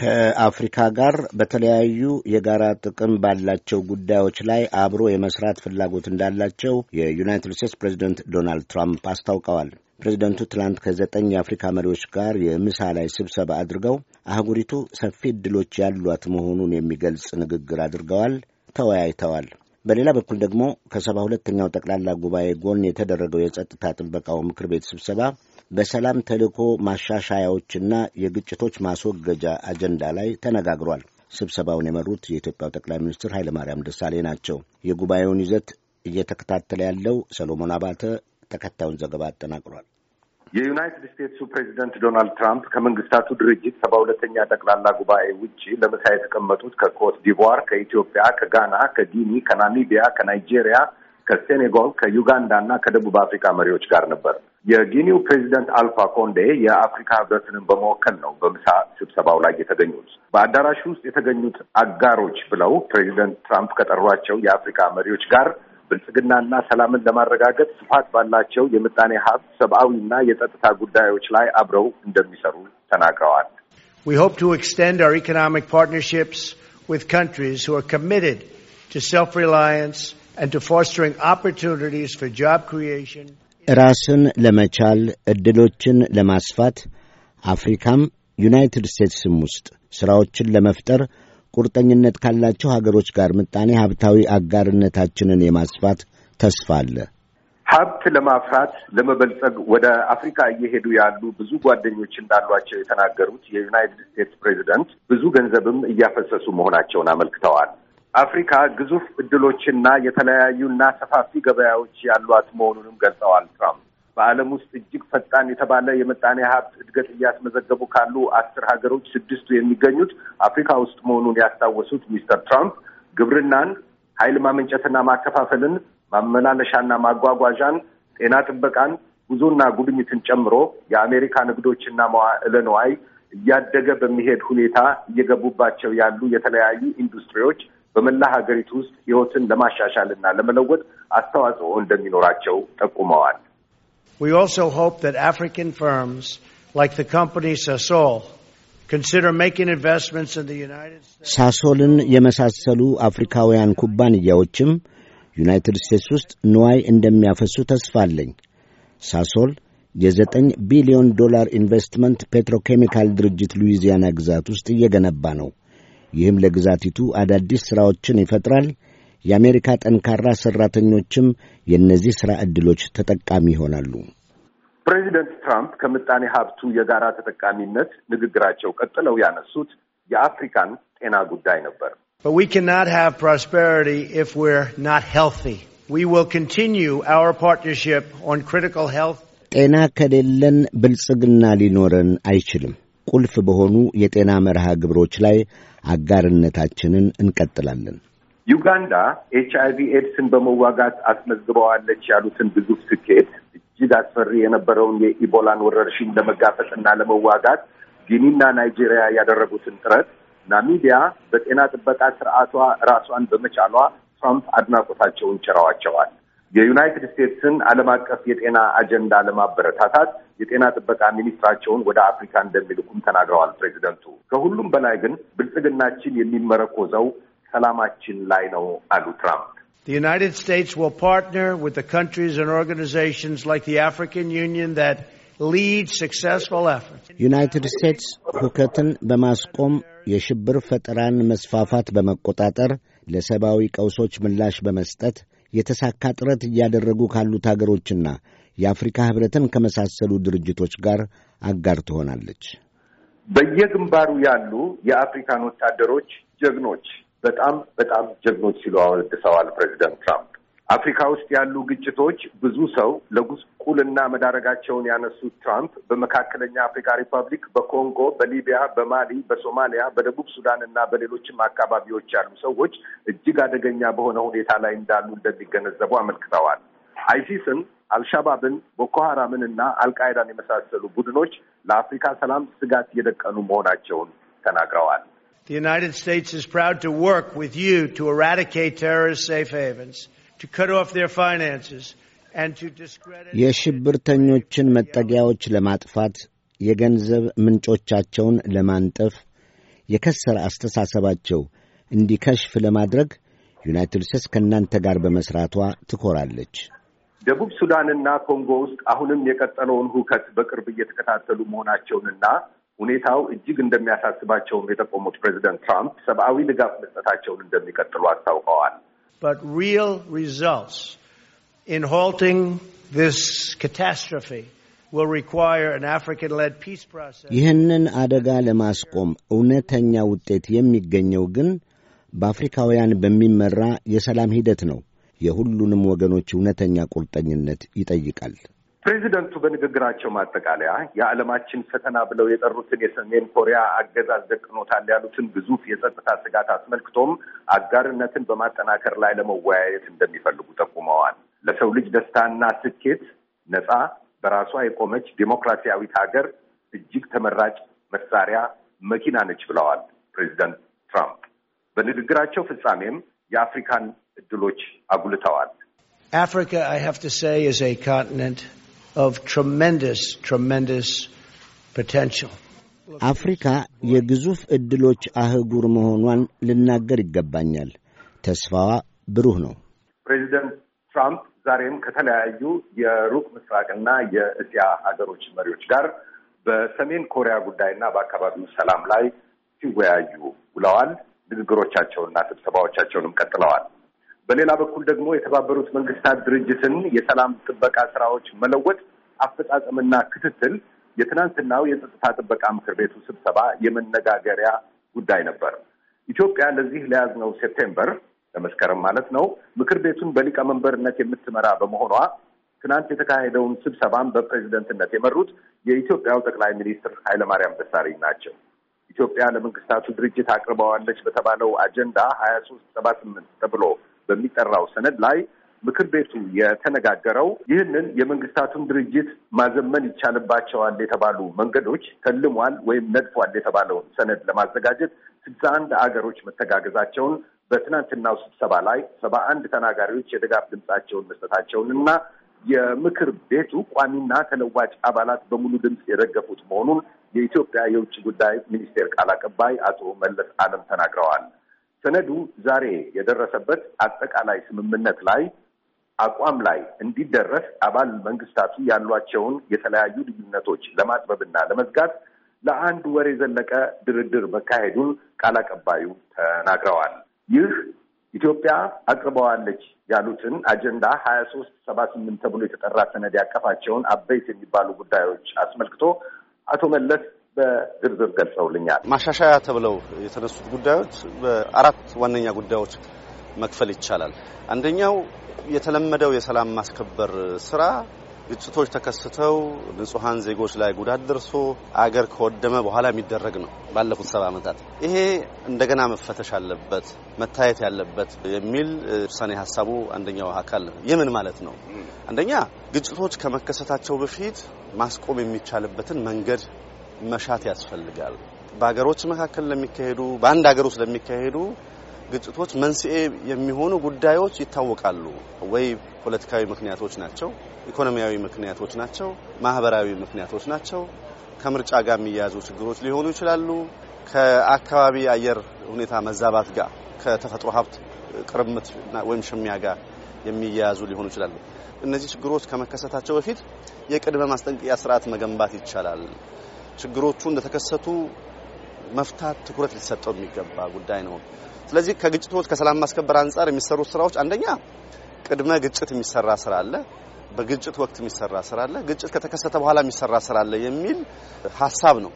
ከአፍሪካ ጋር በተለያዩ የጋራ ጥቅም ባላቸው ጉዳዮች ላይ አብሮ የመስራት ፍላጎት እንዳላቸው የዩናይትድ ስቴትስ ፕሬዚደንት ዶናልድ ትራምፕ አስታውቀዋል። ፕሬዚደንቱ ትላንት ከዘጠኝ የአፍሪካ መሪዎች ጋር የምሳ ላይ ስብሰባ አድርገው አህጉሪቱ ሰፊ ዕድሎች ያሏት መሆኑን የሚገልጽ ንግግር አድርገዋል፣ ተወያይተዋል። በሌላ በኩል ደግሞ ከሰባ ሁለተኛው ጠቅላላ ጉባኤ ጎን የተደረገው የጸጥታ ጥበቃው ምክር ቤት ስብሰባ በሰላም ተልእኮ ማሻሻያዎችና የግጭቶች ማስወገጃ አጀንዳ ላይ ተነጋግሯል። ስብሰባውን የመሩት የኢትዮጵያው ጠቅላይ ሚኒስትር ኃይለማርያም ደሳሌ ናቸው። የጉባኤውን ይዘት እየተከታተለ ያለው ሰሎሞን አባተ ተከታዩን ዘገባ አጠናቅሯል። የዩናይትድ ስቴትሱ ፕሬዚደንት ዶናልድ ትራምፕ ከመንግስታቱ ድርጅት ሰባ ሁለተኛ ጠቅላላ ጉባኤ ውጭ ለምሳ የተቀመጡት ከኮት ዲቮር፣ ከኢትዮጵያ፣ ከጋና፣ ከጊኒ፣ ከናሚቢያ፣ ከናይጄሪያ፣ ከሴኔጋል፣ ከዩጋንዳ እና ከደቡብ አፍሪካ መሪዎች ጋር ነበር። የጊኒው ፕሬዚደንት አልፋ ኮንዴ የአፍሪካ ህብረትንም በመወከል ነው በምሳ ስብሰባው ላይ የተገኙት። በአዳራሹ ውስጥ የተገኙት አጋሮች ብለው ፕሬዚደንት ትራምፕ ከጠሯቸው የአፍሪካ መሪዎች ጋር ብልጽግናና ሰላምን ለማረጋገጥ ስፋት ባላቸው የምጣኔ ሀብት ሰብአዊና የጸጥታ ጉዳዮች ላይ አብረው እንደሚሰሩ ተናግረዋል። We hope to extend our economic partnerships with countries who are committed to self-reliance and to fostering opportunities for job creation. ራስን ለመቻል ዕድሎችን ለማስፋት አፍሪካም ዩናይትድ ስቴትስም ውስጥ ሥራዎችን ለመፍጠር ቁርጠኝነት ካላቸው ሀገሮች ጋር ምጣኔ ሀብታዊ አጋርነታችንን የማስፋት ተስፋ አለ። ሀብት ለማፍራት ለመበልጸግ ወደ አፍሪካ እየሄዱ ያሉ ብዙ ጓደኞች እንዳሏቸው የተናገሩት የዩናይትድ ስቴትስ ፕሬዚደንት ብዙ ገንዘብም እያፈሰሱ መሆናቸውን አመልክተዋል። አፍሪካ ግዙፍ እድሎችና የተለያዩና ሰፋፊ ገበያዎች ያሏት መሆኑንም ገልጸዋል ትራምፕ በዓለም ውስጥ እጅግ ፈጣን የተባለ የመጣኔ ሀብት እድገት እያስመዘገቡ ካሉ አስር ሀገሮች ስድስቱ የሚገኙት አፍሪካ ውስጥ መሆኑን ያስታወሱት ሚስተር ትራምፕ ግብርናን፣ ኃይል ማመንጨትና ማከፋፈልን፣ ማመላለሻና ማጓጓዣን፣ ጤና ጥበቃን፣ ጉዞና ጉብኝትን ጨምሮ የአሜሪካ ንግዶችና መዋዕለ ንዋይ እያደገ በሚሄድ ሁኔታ እየገቡባቸው ያሉ የተለያዩ ኢንዱስትሪዎች በመላ ሀገሪቱ ውስጥ ሕይወትን ለማሻሻል እና ለመለወጥ አስተዋጽኦ እንደሚኖራቸው ጠቁመዋል። We also hope that African firms like the company Sasol consider making investments in the United States. ሳሶልን የመሳሰሉ አፍሪካውያን ኩባንያዎችም ዩናይትድ ስቴትስ ውስጥ ንዋይ እንደሚያፈሱ ተስፋ አለኝ። ሳሶል የዘጠኝ ቢሊዮን ዶላር ኢንቨስትመንት ፔትሮኬሚካል ድርጅት ሉዊዚያና ግዛት ውስጥ እየገነባ ነው። ይህም ለግዛቲቱ አዳዲስ ሥራዎችን ይፈጥራል። የአሜሪካ ጠንካራ ሠራተኞችም የእነዚህ ሥራ ዕድሎች ተጠቃሚ ይሆናሉ። ፕሬዚደንት ትራምፕ ከምጣኔ ሀብቱ የጋራ ተጠቃሚነት ንግግራቸው ቀጥለው ያነሱት የአፍሪካን ጤና ጉዳይ ነበር። ጤና ከሌለን ብልጽግና ሊኖረን አይችልም። ቁልፍ በሆኑ የጤና መርሃ ግብሮች ላይ አጋርነታችንን እንቀጥላለን። ዩጋንዳ ኤች አይቪ ኤድስን በመዋጋት አስመዝግበዋለች ያሉትን ግዙፍ ስኬት እጅግ አስፈሪ የነበረውን የኢቦላን ወረርሽኝ ለመጋፈጥና ለመዋጋት ጊኒና ናይጄሪያ ያደረጉትን ጥረት፣ ናሚቢያ በጤና ጥበቃ ስርዓቷ ራሷን በመቻሏ ትራምፕ አድናቆታቸውን ችረዋቸዋል። የዩናይትድ ስቴትስን ዓለም አቀፍ የጤና አጀንዳ ለማበረታታት የጤና ጥበቃ ሚኒስትራቸውን ወደ አፍሪካ እንደሚልኩም ተናግረዋል ፕሬዚደንቱ። ከሁሉም በላይ ግን ብልጽግናችን የሚመረኮዘው ሰላማችን ላይ ነው አሉ ትራምፕ። The United States will partner with the countries and organizations like the African Union that lead successful efforts. ዩናይትድ ስቴትስ ሁከትን በማስቆም የሽብር ፈጠራን መስፋፋት በመቆጣጠር ለሰብአዊ ቀውሶች ምላሽ በመስጠት የተሳካ ጥረት እያደረጉ ካሉት አገሮችና የአፍሪካ ሕብረትን ከመሳሰሉ ድርጅቶች ጋር አጋር ትሆናለች። በየግንባሩ ያሉ የአፍሪካን ወታደሮች ጀግኖች በጣም በጣም ጀግኖች ሲሉ አወድሰዋል ፕሬዚደንት ትራምፕ። አፍሪካ ውስጥ ያሉ ግጭቶች ብዙ ሰው ለጉስቁልና መዳረጋቸውን ያነሱት ትራምፕ በመካከለኛ አፍሪካ ሪፐብሊክ፣ በኮንጎ፣ በሊቢያ፣ በማሊ፣ በሶማሊያ፣ በደቡብ ሱዳን እና በሌሎችም አካባቢዎች ያሉ ሰዎች እጅግ አደገኛ በሆነ ሁኔታ ላይ እንዳሉ እንደሚገነዘቡ አመልክተዋል። አይሲስን፣ አልሻባብን፣ ቦኮ እና አልቃይዳን የመሳሰሉ ቡድኖች ለአፍሪካ ሰላም ስጋት እየደቀኑ መሆናቸውን ተናግረዋል። The United States is proud to work with you to eradicate terrorist safe havens, to cut off their finances, and to discredit... የሽብርተኞችን መጠጊያዎች ለማጥፋት የገንዘብ ምንጮቻቸውን ለማንጠፍ የከሰረ አስተሳሰባቸው እንዲከሽፍ ለማድረግ ዩናይትድ ስቴትስ ከእናንተ ጋር በመስራቷ ትኮራለች። ደቡብ ሱዳንና ኮንጎ ውስጥ አሁንም የቀጠለውን ሁከት በቅርብ እየተከታተሉ መሆናቸውንና ሁኔታው እጅግ እንደሚያሳስባቸውም የጠቆሙት ፕሬዚደንት ትራምፕ ሰብአዊ ድጋፍ መስጠታቸውን እንደሚቀጥሉ አስታውቀዋል። ይህንን አደጋ ለማስቆም እውነተኛ ውጤት የሚገኘው ግን በአፍሪካውያን በሚመራ የሰላም ሂደት ነው። የሁሉንም ወገኖች እውነተኛ ቁርጠኝነት ይጠይቃል። ፕሬዚደንቱ በንግግራቸው ማጠቃለያ የዓለማችን ፈተና ብለው የጠሩትን የሰሜን ኮሪያ አገዛዝ ደቅኖታል ያሉትን ግዙፍ የጸጥታ ስጋት አስመልክቶም አጋርነትን በማጠናከር ላይ ለመወያየት እንደሚፈልጉ ጠቁመዋል። ለሰው ልጅ ደስታና ስኬት ነፃ፣ በራሷ የቆመች ዴሞክራሲያዊት ሀገር እጅግ ተመራጭ መሳሪያ መኪና ነች ብለዋል ፕሬዚደንት ትራምፕ። በንግግራቸው ፍጻሜም የአፍሪካን እድሎች አጉልተዋል። Africa, I have to say, is a continent of tremendous, tremendous potential. አፍሪካ የግዙፍ ዕድሎች አህጉር መሆኗን ልናገር ይገባኛል። ተስፋዋ ብሩህ ነው። ፕሬዚደንት ትራምፕ ዛሬም ከተለያዩ የሩቅ ምስራቅና የእስያ ሀገሮች መሪዎች ጋር በሰሜን ኮሪያ ጉዳይና በአካባቢው ሰላም ላይ ሲወያዩ ውለዋል። ንግግሮቻቸውንና ስብሰባዎቻቸውንም ቀጥለዋል። በሌላ በኩል ደግሞ የተባበሩት መንግስታት ድርጅትን የሰላም ጥበቃ ስራዎች መለወጥ፣ አፈጻጸምና ክትትል የትናንትናው የጸጥታ ጥበቃ ምክር ቤቱ ስብሰባ የመነጋገሪያ ጉዳይ ነበር። ኢትዮጵያ ለዚህ ለያዝነው ሴፕቴምበር ለመስከረም ማለት ነው ምክር ቤቱን በሊቀመንበርነት የምትመራ በመሆኗ ትናንት የተካሄደውን ስብሰባን በፕሬዝደንትነት የመሩት የኢትዮጵያው ጠቅላይ ሚኒስትር ኃይለማርያም ደሳለኝ ናቸው። ኢትዮጵያ ለመንግስታቱ ድርጅት አቅርበዋለች በተባለው አጀንዳ ሀያ ሶስት ሰባ ስምንት ተብሎ በሚጠራው ሰነድ ላይ ምክር ቤቱ የተነጋገረው ይህንን የመንግስታቱን ድርጅት ማዘመን ይቻልባቸዋል የተባሉ መንገዶች ተልሟል ወይም ነድፏል የተባለውን ሰነድ ለማዘጋጀት ስልሳ አንድ አገሮች መተጋገዛቸውን በትናንትናው ስብሰባ ላይ ሰባ አንድ ተናጋሪዎች የድጋፍ ድምፃቸውን መስጠታቸውን እና የምክር ቤቱ ቋሚና ተለዋጭ አባላት በሙሉ ድምፅ የደገፉት መሆኑን የኢትዮጵያ የውጭ ጉዳይ ሚኒስቴር ቃል አቀባይ አቶ መለስ አለም ተናግረዋል። ሰነዱ ዛሬ የደረሰበት አጠቃላይ ስምምነት ላይ አቋም ላይ እንዲደረስ አባል መንግስታቱ ያሏቸውን የተለያዩ ልዩነቶች ለማጥበብና ለመዝጋት ለአንድ ወር የዘለቀ ድርድር መካሄዱን ቃል አቀባዩ ተናግረዋል። ይህ ኢትዮጵያ አቅርበዋለች ያሉትን አጀንዳ ሀያ ሶስት ሰባ ስምንት ተብሎ የተጠራ ሰነድ ያቀፋቸውን አበይት የሚባሉ ጉዳዮች አስመልክቶ አቶ መለስ በዝርዝር ገልጸውልኛል። ማሻሻያ ተብለው የተነሱት ጉዳዮች በአራት ዋነኛ ጉዳዮች መክፈል ይቻላል። አንደኛው የተለመደው የሰላም ማስከበር ስራ ግጭቶች ተከስተው ንጹሐን ዜጎች ላይ ጉዳት ደርሶ አገር ከወደመ በኋላ የሚደረግ ነው። ባለፉት ሰባ ዓመታት ይሄ እንደገና መፈተሽ አለበት መታየት ያለበት የሚል ውሳኔ ሀሳቡ አንደኛው አካል ነው። ይህ ምን ማለት ነው? አንደኛ ግጭቶች ከመከሰታቸው በፊት ማስቆም የሚቻልበትን መንገድ መሻት ያስፈልጋል። በሀገሮች መካከል ለሚካሄዱ በአንድ ሀገር ውስጥ ለሚካሄዱ ግጭቶች መንስኤ የሚሆኑ ጉዳዮች ይታወቃሉ። ወይ ፖለቲካዊ ምክንያቶች ናቸው፣ ኢኮኖሚያዊ ምክንያቶች ናቸው፣ ማህበራዊ ምክንያቶች ናቸው። ከምርጫ ጋር የሚያያዙ ችግሮች ሊሆኑ ይችላሉ። ከአካባቢ አየር ሁኔታ መዛባት ጋር፣ ከተፈጥሮ ሀብት ቅርምት ወይም ሽሚያ ጋር የሚያያዙ ሊሆኑ ይችላሉ። እነዚህ ችግሮች ከመከሰታቸው በፊት የቅድመ ማስጠንቀቂያ ስርዓት መገንባት ይቻላል። ችግሮቹ እንደተከሰቱ መፍታት ትኩረት ሊሰጠው የሚገባ ጉዳይ ነው። ስለዚህ ከግጭቶች ከሰላም ማስከበር አንጻር የሚሰሩ ስራዎች አንደኛ ቅድመ ግጭት የሚሰራ ስራ አለ፣ በግጭት ወቅት የሚሰራ ስራ አለ፣ ግጭት ከተከሰተ በኋላ የሚሰራ ስራ አለ የሚል ሀሳብ ነው።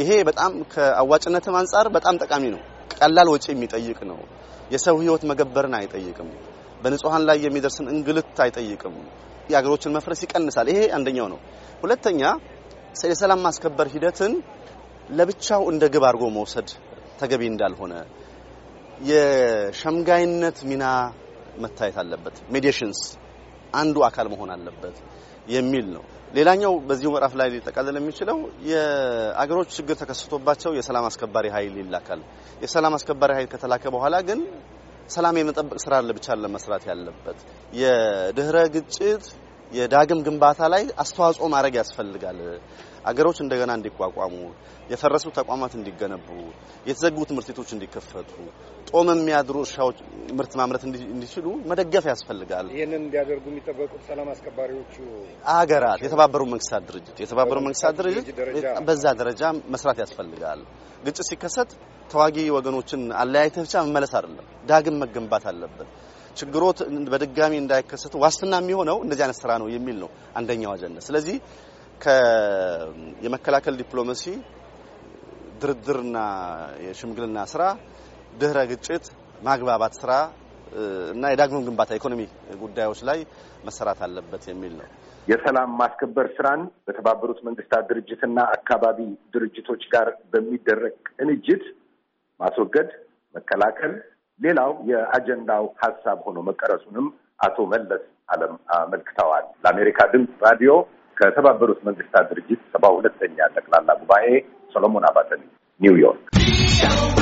ይሄ በጣም ከአዋጭነትም አንጻር በጣም ጠቃሚ ነው። ቀላል ወጪ የሚጠይቅ ነው። የሰው ህይወት መገበርን አይጠይቅም። በንጹሃን ላይ የሚደርስን እንግልት አይጠይቅም። የሀገሮችን መፍረስ ይቀንሳል። ይሄ አንደኛው ነው። ሁለተኛ የሰላም ማስከበር ሂደትን ለብቻው እንደ ግብ አድርጎ መውሰድ ተገቢ እንዳልሆነ የሸምጋይነት ሚና መታየት አለበት። ሜዲሽንስ አንዱ አካል መሆን አለበት የሚል ነው። ሌላኛው በዚሁ ምዕራፍ ላይ ሊጠቃለል የሚችለው የአገሮች ችግር ተከስቶባቸው የሰላም አስከባሪ ኃይል ይላካል። የሰላም አስከባሪ ኃይል ከተላከ በኋላ ግን ሰላም የመጠበቅ ስራ ለብቻ ለመስራት ያለበት የድህረ ግጭት የዳግም ግንባታ ላይ አስተዋጽኦ ማድረግ ያስፈልጋል። አገሮች እንደገና እንዲቋቋሙ፣ የፈረሱ ተቋማት እንዲገነቡ፣ የተዘጉ ትምህርት ቤቶች እንዲከፈቱ፣ ጦም የሚያድሩ እርሻዎች ምርት ማምረት እንዲችሉ መደገፍ ያስፈልጋል። ይህንን እንዲያደርጉ የሚጠበቁት ሰላም አስከባሪዎቹ አገራት፣ የተባበሩ መንግስታት ድርጅት የተባበሩ መንግስታት ድርጅት በዛ ደረጃ መስራት ያስፈልጋል። ግጭት ሲከሰት ተዋጊ ወገኖችን አለያይተህ ብቻ መመለስ አይደለም፣ ዳግም መገንባት አለበት። ችግሮት በድጋሚ እንዳይከሰት ዋስትና የሚሆነው እንደዚህ አይነት ስራ ነው የሚል ነው አንደኛው አጀንዳ። ስለዚህ የመከላከል ዲፕሎማሲ ድርድርና የሽምግልና ስራ፣ ድህረ ግጭት ማግባባት ስራ እና የዳግም ግንባታ ኢኮኖሚ ጉዳዮች ላይ መሰራት አለበት የሚል ነው። የሰላም ማስከበር ስራን በተባበሩት መንግስታት ድርጅትና አካባቢ ድርጅቶች ጋር በሚደረግ ቅንጅት ማስወገድ፣ መከላከል ሌላው የአጀንዳው ሀሳብ ሆኖ መቀረጹንም አቶ መለስ አለም አመልክተዋል። ለአሜሪካ ድምፅ ራዲዮ ከተባበሩት መንግስታት ድርጅት ሰባ ሁለተኛ ጠቅላላ ጉባኤ ሰሎሞን አባተ ኒውዮርክ